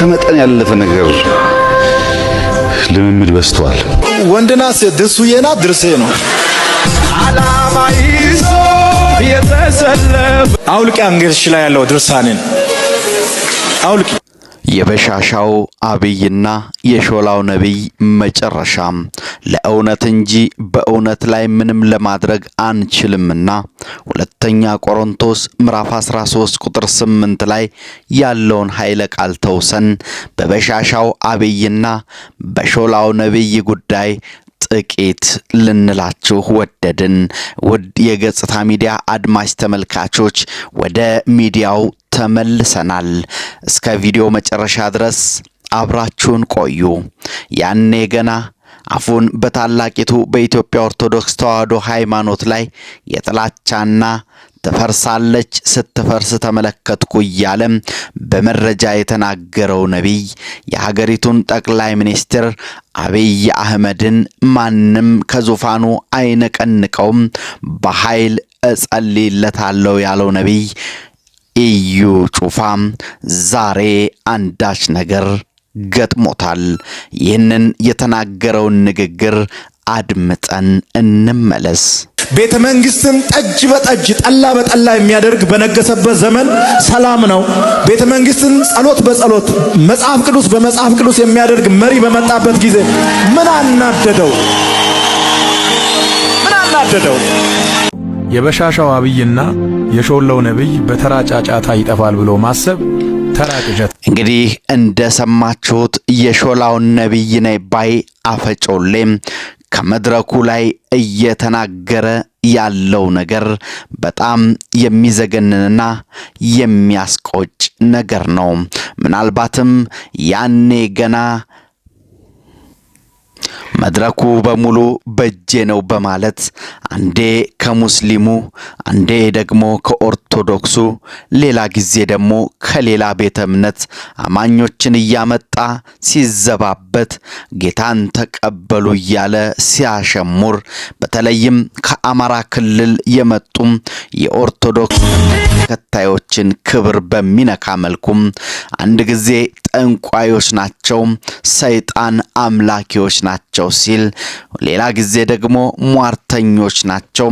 ከመጠን ያለፈ ነገር ልምምድ በስተዋል ወንድና ሴት ድሱዬና ድርሴ ነው። አላማ ይዞ የተሰለፈ አውልቂ፣ አንገትሽ ላይ ያለው ድርሳኔን አውልቂ። የበሻሻው አብይና የሾላው ነቢይ መጨረሻም ለእውነት እንጂ በእውነት ላይ ምንም ለማድረግ አንችልምና ሁለተኛ ቆሮንቶስ ምዕራፍ 13 ቁጥር 8 ላይ ያለውን ኃይለ ቃል ተውሰን በበሻሻው አብይና በሾላው ነቢይ ጉዳይ ጥቂት ልንላችሁ ወደድን። ውድ የገጽታ ሚዲያ አድማጭ ተመልካቾች ወደ ሚዲያው ተመልሰናል። እስከ ቪዲዮ መጨረሻ ድረስ አብራችሁን ቆዩ። ያኔ ገና አፉን በታላቂቱ በኢትዮጵያ ኦርቶዶክስ ተዋሕዶ ሃይማኖት ላይ የጥላቻና ትፈርሳለች ስትፈርስ ተመለከትኩ እያለም በመረጃ የተናገረው ነቢይ የሀገሪቱን ጠቅላይ ሚኒስትር አብይ አህመድን ማንም ከዙፋኑ አይነቀንቀውም፣ በኃይል እጸልይለታለሁ ያለው ነቢይ ኢዩ ጩፋ ዛሬ አንዳች ነገር ገጥሞታል። ይህንን የተናገረውን ንግግር አድምጠን እንመለስ። ቤተ መንግስትን ጠጅ በጠጅ ጠላ በጠላ የሚያደርግ በነገሰበት ዘመን ሰላም ነው። ቤተ መንግስትን ጸሎት በጸሎት መጽሐፍ ቅዱስ በመጽሐፍ ቅዱስ የሚያደርግ መሪ በመጣበት ጊዜ ምን አናደደው? ምን አናደደው? የበሻሻው አብይና የሾለው ነብይ በተራ ጫጫታ ይጠፋል ብሎ ማሰብ ተራ ቅዠት። እንግዲህ እንደሰማችሁት የሾላውን ነብይ ነይ ባይ አፈጮሌም ከመድረኩ ላይ እየተናገረ ያለው ነገር በጣም የሚዘገንንና የሚያስቆጭ ነገር ነው። ምናልባትም ያኔ ገና መድረኩ በሙሉ በእጄ ነው በማለት አንዴ ከሙስሊሙ አንዴ ደግሞ ከኦርቶዶክሱ ሌላ ጊዜ ደግሞ ከሌላ ቤተ እምነት አማኞችን እያመጣ ሲዘባበት ጌታን ተቀበሉ እያለ ሲያሸሙር በተለይም ከአማራ ክልል የመጡም የኦርቶዶክስ ተከታዮችን ክብር በሚነካ መልኩም አንድ ጊዜ ጠንቋዮች ናቸው፣ ሰይጣን አምላኪዎች ናቸው ሲል፣ ሌላ ጊዜ ደግሞ ሟርተኞች ናቸው፣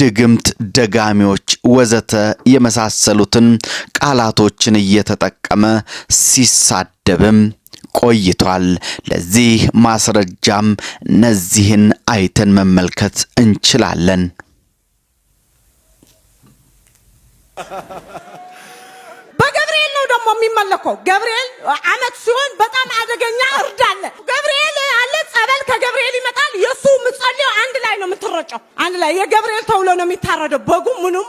ድግምት ደጋሚዎች፣ ወዘተ የመሳሰሉትን ቃላቶችን እየተጠቀመ ሲሳደብም ቆይቷል። ለዚህ ማስረጃም እነዚህን አይተን መመልከት እንችላለን። በገብርኤል ነው ደግሞ የሚመለከው። ገብርኤል አመት ሲሆን በጣም አደገኛ እርድ አለ። ገብርኤል አለ ጸበል ከገብርኤል ይመጣል። የእሱ ምጸልዮ አንድ ላይ ነው የምትረጨው፣ አንድ ላይ የገብርኤል ተብሎ ነው የሚታረደው። በጉ ምኑም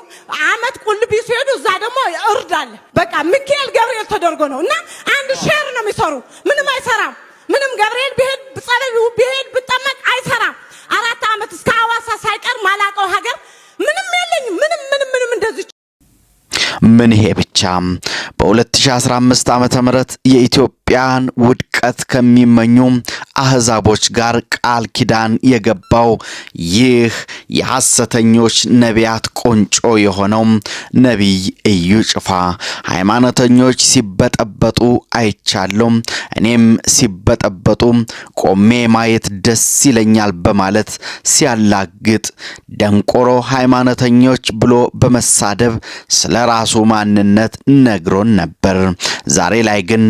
አመት ቁልቢ ሲሄዱ እዛ ደግሞ እርድ አለ። በቃ ሚካኤል ገብርኤል ተደርጎ ነው እና አንድ ሼር ነው የሚሰሩ። ምንም አይሰራም። ምንም ገብርኤል ብሄድ ጸበል ብሄድ ብጠመቅ አይሰራም። አራት ዓመት እስከ አዋሳ ሳይቀር ማላቀው ሀገር ምንም የለኝም። ምንም ምንም ምንም እንደዚህ ምን ይሄ ብቻ በ2015 ም የኢትዮጵያን ውድቀት ከሚመኙ አህዛቦች ጋር ቃል ኪዳን የገባው ይህ የሐሰተኞች ነቢያት ቆንጮ የሆነው ነቢይ እዩ ጭፋ ሃይማኖተኞች ሲበጠበጡ አይቻለም፣ እኔም ሲበጠበጡ ቆሜ ማየት ደስ ይለኛል በማለት ሲያላግጥ፣ ደንቆሮ ሃይማኖተኞች ብሎ በመሳደብ ስለ ራሱ ማንነት ነግሮን ነበር። ዛሬ ላይ ግን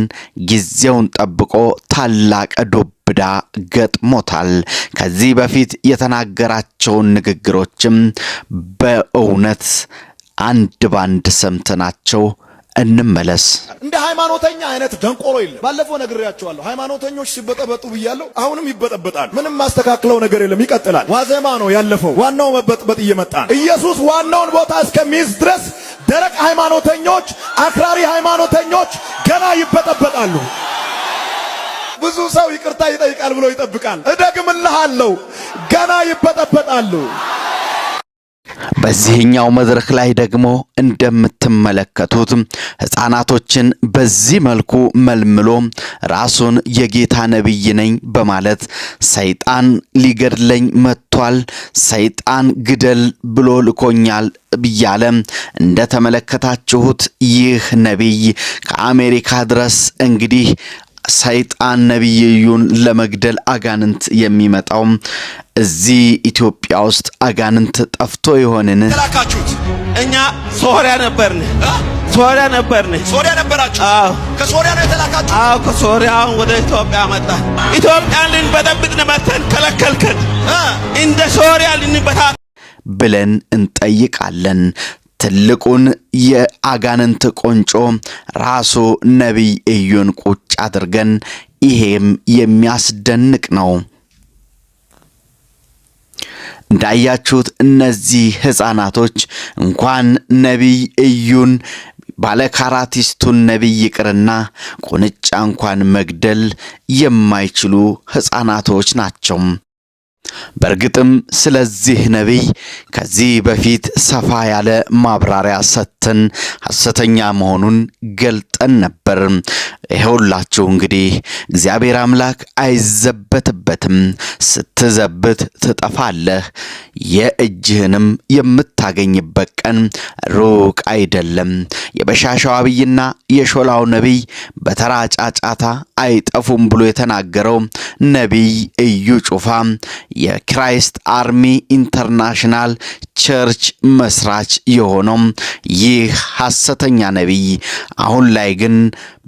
ጊዜውን ጠብቆ ታላቅ ዱብዳ ገጥሞታል። ከዚህ በፊት የተናገራቸውን ንግግሮችም በእውነት አንድ ባንድ ሰምተናቸው እንመለስ። እንደ ሃይማኖተኛ አይነት ደንቆሮ የለም። ባለፈው ነግሬያቸዋለሁ። ሃይማኖተኞች ሲበጠበጡ ብያለሁ። አሁንም ይበጠበጣል። ምንም ማስተካክለው ነገር የለም። ይቀጥላል። ዋዜማ ነው ያለፈው። ዋናው መበጥበጥ እየመጣ ነው። ኢየሱስ ዋናውን ቦታ እስከሚይዝ ድረስ ደረቅ ሃይማኖተኞች፣ አክራሪ ሃይማኖተኞች ገና ይበጠበጣሉ። ብዙ ሰው ይቅርታ ይጠይቃል ብሎ ይጠብቃል። እደግምልሃለሁ፣ ገና ይበጠበጣሉ። በዚህኛው መድረክ ላይ ደግሞ እንደምትመለከቱት ሕፃናቶችን በዚህ መልኩ መልምሎ ራሱን የጌታ ነቢይ ነኝ በማለት ሰይጣን ሊገድለኝ መጥቷል፣ ሰይጣን ግደል ብሎ ልኮኛል ብያለ እንደተመለከታችሁት ይህ ነቢይ ከአሜሪካ ድረስ እንግዲህ ሰይጣን ነቢይዩን ለመግደል አጋንንት የሚመጣው እዚህ ኢትዮጵያ ውስጥ አጋንንት ጠፍቶ ይሆንን? ተላካችሁት? እኛ ሶሪያ ነበርን፣ ሶሪያ ነበርን፣ ሶሪያ ነበራችሁ። አዎ፣ ከሶሪያ ነው የተላካችሁ? አዎ፣ ከሶሪያ ወደ ኢትዮጵያ መጣን። ኢትዮጵያን ልንበጠብጥ መተን ከለከልከን። እንደ ሶሪያ ልንበታ ብለን እንጠይቃለን። ትልቁን የአጋንንት ቆንጮ ራሱ ነቢይ እዩን ቁጭ አድርገን ይሄም የሚያስደንቅ ነው። እንዳያችሁት እነዚህ ሕፃናቶች እንኳን ነቢይ ባለ ባለካራቲስቱን ነቢይ ይቅርና ቁንጫ እንኳን መግደል የማይችሉ ሕፃናቶች ናቸው። በእርግጥም ስለዚህ ነቢይ ከዚህ በፊት ሰፋ ያለ ማብራሪያ ሰጥተን ሐሰተኛ መሆኑን ገልጠን ነበር። ይኸውላችሁ እንግዲህ እግዚአብሔር አምላክ አይዘበትበትም። ስትዘብት ትጠፋለህ፣ የእጅህንም የምታገኝበት ቀን ሩቅ አይደለም። የበሻሻው አብይና የሾላው ነቢይ በተራ ጫጫታ አይጠፉም ብሎ የተናገረው ነቢይ እዩ ጩፋ የክራይስት አርሚ ኢንተርናሽናል ቸርች መስራች የሆነው ይህ ሐሰተኛ ነቢይ አሁን ላይ ግን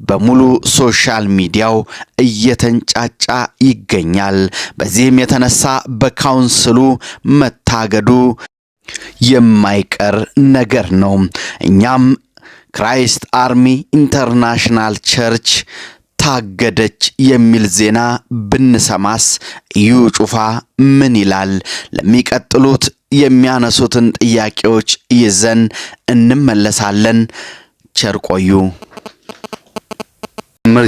በሙሉ ሶሻል ሚዲያው እየተንጫጫ ይገኛል። በዚህም የተነሳ በካውንስሉ መታገዱ የማይቀር ነገር ነው። እኛም ክራይስት አርሚ ኢንተርናሽናል ቸርች ታገደች የሚል ዜና ብንሰማስ እዩ ጩፋ ምን ይላል? ለሚቀጥሉት የሚያነሱትን ጥያቄዎች ይዘን እንመለሳለን። ቸር ቆዩ።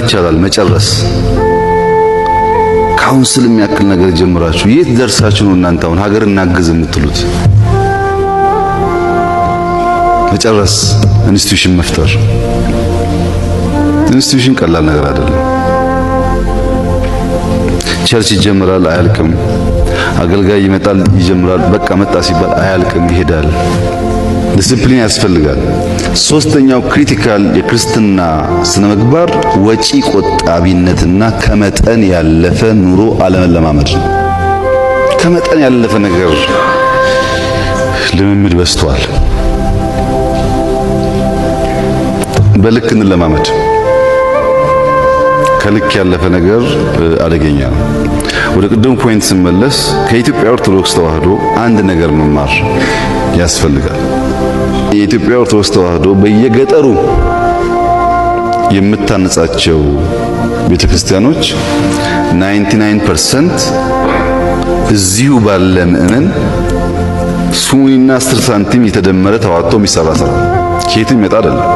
ይቻላል፣ መጨረስ ካውንስል የሚያክል ነገር ጀምራችሁ የት ደርሳችሁ ነው እናንተ አሁን ሀገር እናግዝ የምትሉት? መጨረስ ኢንስቲትዩሽን መፍጠር ኢንስቲትዩሽን ቀላል ነገር አይደለም። ቸርች ይጀምራል አያልቅም። አገልጋይ ይመጣል ይጀምራል፣ በቃ መጣ ሲባል አያልቅም፣ ይሄዳል። ዲስፕሊን ያስፈልጋል። ሶስተኛው ክሪቲካል የክርስትና ስነ ምግባር ወጪ ቆጣቢነትና ከመጠን ያለፈ ኑሮ አለመለማመድ ከመጠን ያለፈ ነገር ልምምድ በስቷል በልክ እንለማመድ። ከልክ ያለፈ ነገር አደገኛ ነው። ወደ ቅድሙ ፖይንት ስመለስ ከኢትዮጵያ ኦርቶዶክስ ተዋህዶ አንድ ነገር መማር ያስፈልጋል። የኢትዮጵያ ኦርቶዶክስ ተዋህዶ በየገጠሩ የምታነጻቸው ቤተክርስቲያኖች 99% እዚሁ ባለ ምእመን ሱኒና አስር ሳንቲም የተደመረ ተዋጥቶ የሚሰራ ስራ ከየትም ይመጣ አይደለም።